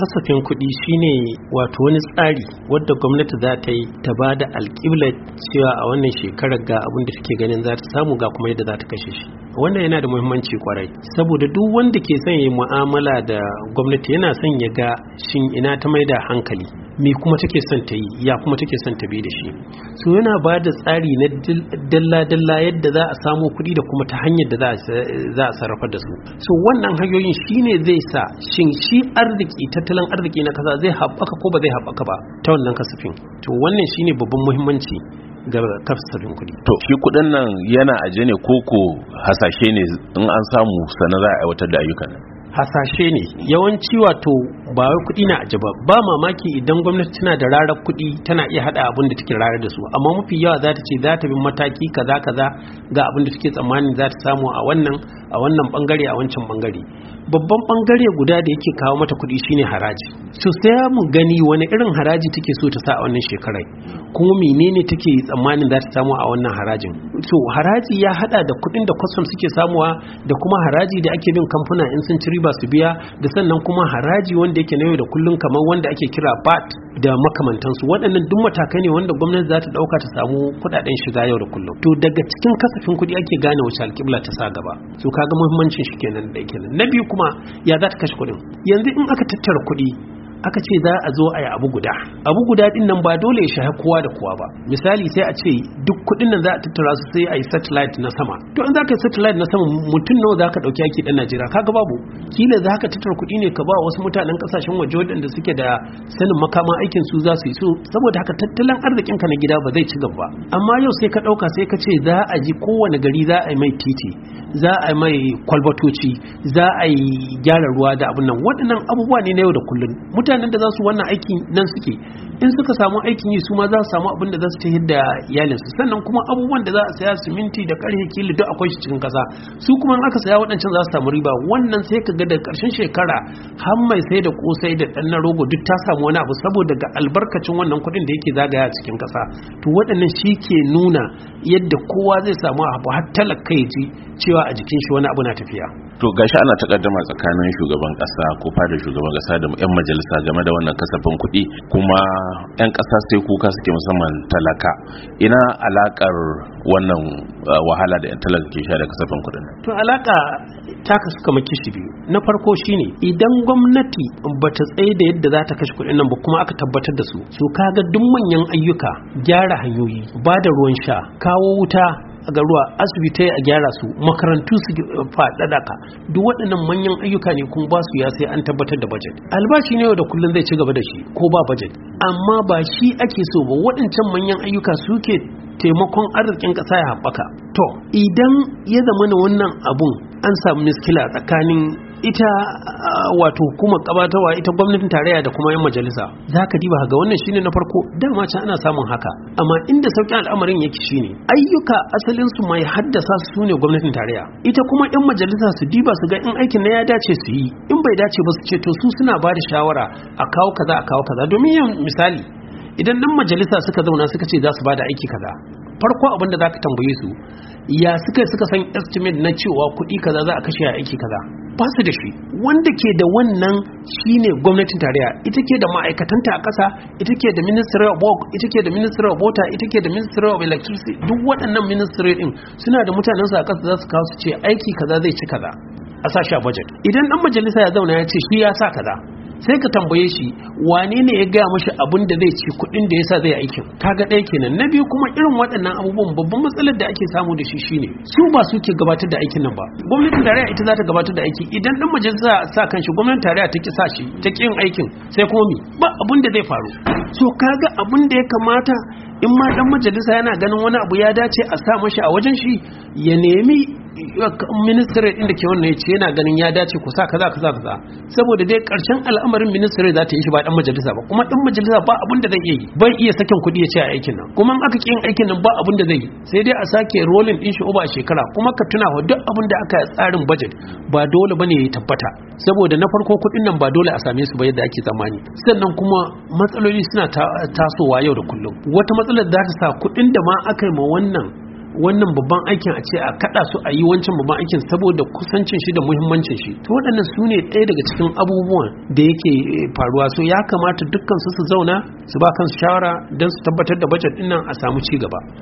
kasafin kuɗi shine wato wani tsari wadda gwamnati za ta yi ta ba da alƙiblar cewa a wannan shekarar ga abin da take ganin za ta samu ga kuma yadda za ta kashe shi wannan yana da muhimmanci kwarai saboda duk wanda ke son ya mu'amala da gwamnati yana son ya ga shin ina ta mai da hankali me kuma take son ta yi ya kuma take son ta bi da shi so yana ba da tsari na dalla-dalla yadda za a samo kuɗi da kuma ta hanyar da za a sarrafa da su so wannan hanyoyin shine zai sa shin shi arziki tattalin arziki na kasa zai haɓaka ko ba zai haɓaka ba ta wannan kasafin to wannan shine babban muhimmanci tafsirin kuɗi. To shi kuɗin nan yana aje ne koko hasashe ne in an samu sanar za a aiwatar da ayyukan. Hasashe ne yawanci wato ba wai kuɗi na aji ba mamaki idan gwamnati tana da rarar kuɗi tana iya haɗa abin da take rarar da su amma mafi yawa za ta ce za ta bi mataki kaza kaza ga abin da take tsammanin za ta samu a wannan a wannan bangare a wancan bangare babban bangare guda da yake kawo mata kuɗi shine haraji to sai mu gani wani irin haraji take so ta sa a wannan shekarai kuma menene take tsammanin za ta samu a wannan harajin to haraji ya hada da kuɗin da custom suke samuwa da kuma haraji da ake bin kamfuna in sun ci riba su biya da sannan kuma haraji wanda da yake na yau da kullun kamar wanda ake kira bat da makamantansu waɗannan duk matakai ne wanda gwamnati za ta ɗauka ta samu kuɗaɗen shiga yau da kullum to daga cikin kasafin kuɗi ake gane wace alƙibla ta sa gaba so kaga muhimmancin shi kenan da kenan na biyu kuma ya za ta kashe kuɗin yanzu in aka tattara kuɗi aka ce za a zo a yi abu guda abu guda din nan ba dole ya shahi kowa da kowa ba misali sai a ce duk kudin nan za a tattara su sai a yi satellite na sama to in za ka yi satellite na sama mutum nawa za ka dauki yaki dan najeriya kaga babu kila za ka tattara kudi ne ka ba wasu mutanen kasashen waje waɗanda suke da sanin makaman aikin su za su yi su saboda haka tattalin arzikin ka na gida ba zai ci gaba amma yau sai ka dauka sai ka ce za a ji kowane gari za a yi mai titi za a yi mai kwalbatoci za a yi gyara ruwa da abin nan waɗannan abubuwa ne na yau da kullum mutanen da za su wannan aiki nan suke in suka samu aikin yi su ma za su samu abin da za su ta da su. sannan kuma abubuwan da za a saya siminti da karfe kili duk akwai shi cikin kasa su kuma in aka saya waɗancan za su samu riba wannan sai ka ga da ƙarshen shekara har mai sai da kosai da ɗan na rogo duk ta samu wani abu saboda ga albarkacin wannan kuɗin da yake zagaya a cikin kasa to waɗannan shi ke nuna yadda kowa zai samu abu har talaka ji cewa a jikin shi wani abu na tafiya to gashi ana takaddama tsakanin shugaban kasa ko fada shugaban kasa da yan majalisa game da wannan kasafin kuɗi kuma yan kasa sai kuka suke musamman talaka ina alakar wannan eh, wahala da yan talaka ke sha da kasafin kuɗin to alaka ta kasu kamar kishi biyu na farko shine idan gwamnati bata tsaye da yadda za ta kashe kuɗin nan ba kuma aka tabbatar da su so kaga duk manyan ayyuka gyara hanyoyi ba da ruwan sha kawo wuta a garuwa asibitai a gyara su makarantu su faɗaɗa ka duk waɗannan manyan ayyuka ne kuma ba su ya sai an tabbatar da budget albashi ne da kullum zai ci gaba da shi ko ba budget amma ba shi ake so ba waɗancan manyan ayyuka suke taimakon arzikin ƙasa ya haɓaka to idan ya zama wannan abun an samu miskila tsakanin ita wato kuma kabatawa ita gwamnatin tarayya da kuma yan majalisa za ka diba ga wannan shine na farko dama can ana samun haka amma inda sauƙin al'amarin yake shine ayyuka asalin su mai haddasa su ne gwamnatin tarayya ita kuma yan majalisa su diba su ga in aikin na ya dace su yi in bai dace ba su ce to su suna ba da shawara a kawo kaza a kawo kaza domin yin misali idan nan majalisa suka zauna suka ce za su ba da aiki kaza farko abin da za ka tambaye su ya suka suka san estimate na cewa kuɗi kaza za a kashe a aiki kaza ba da shi wanda ke da wannan ne gwamnatin tarayya ita ke da ma'aikatanta a ƙasa ita ke da ministry of work ita ke da ministry of water ita ke da ministry of electricity duk waɗannan ministry din suna da mutanen su a ƙasa za su kawo su ce aiki kaza zai ci kaza a sashi a budget idan dan majalisa ya zauna ya ce shi ya sa kaza sai ka tambaye shi wane ne ya gaya mashi abin da zai ci kuɗin da ya sa zai aikin kaga ɗaya kenan na biyu kuma irin waɗannan abubuwan babban matsalar da ake samu da shi ne. su ba su ke gabatar da aikin nan ba gwamnatin tarayya ita za ta gabatar da aiki idan dan majalisa sa kanshi gwamnatin tarayya ta ki sa shi ta ƙin aikin sai komi ba abin da zai faru so kaga abin da ya kamata in ma ɗan majalisa yana ganin wani abu ya dace a sa mashi a wajen shi ya nemi ministry din da ke wannan ce yana ganin ya dace ku sa kaza kaza kaza saboda dai karshen al'amarin ministry za ta yi shi ba dan majalisa ba kuma dan majalisa ba abin da zai yi bai iya sakin kuɗi ya ce a aikin nan kuma in aka ƙi aikin nan ba abin da zai yi sai dai a sake rolling din shi uba shekara kuma ka tuna wa duk abin da aka yi tsarin budget ba dole bane ya tabbata saboda na farko kuɗin nan ba dole a same su ba yadda ake zamani sannan kuma matsaloli suna tasowa yau da kullum wata matsalar za ta sa kuɗin da ma aka yi ma wannan wannan babban aikin a ce a kada su a yi wancan babban aikin saboda kusancin shi da muhimmancin shi to waɗannan su ne ɗaya daga cikin abubuwan da yake eh, faruwa so ya kamata dukkan su su zauna su ba kansu shawara don su tabbatar da bajet ɗin a samu ci gaba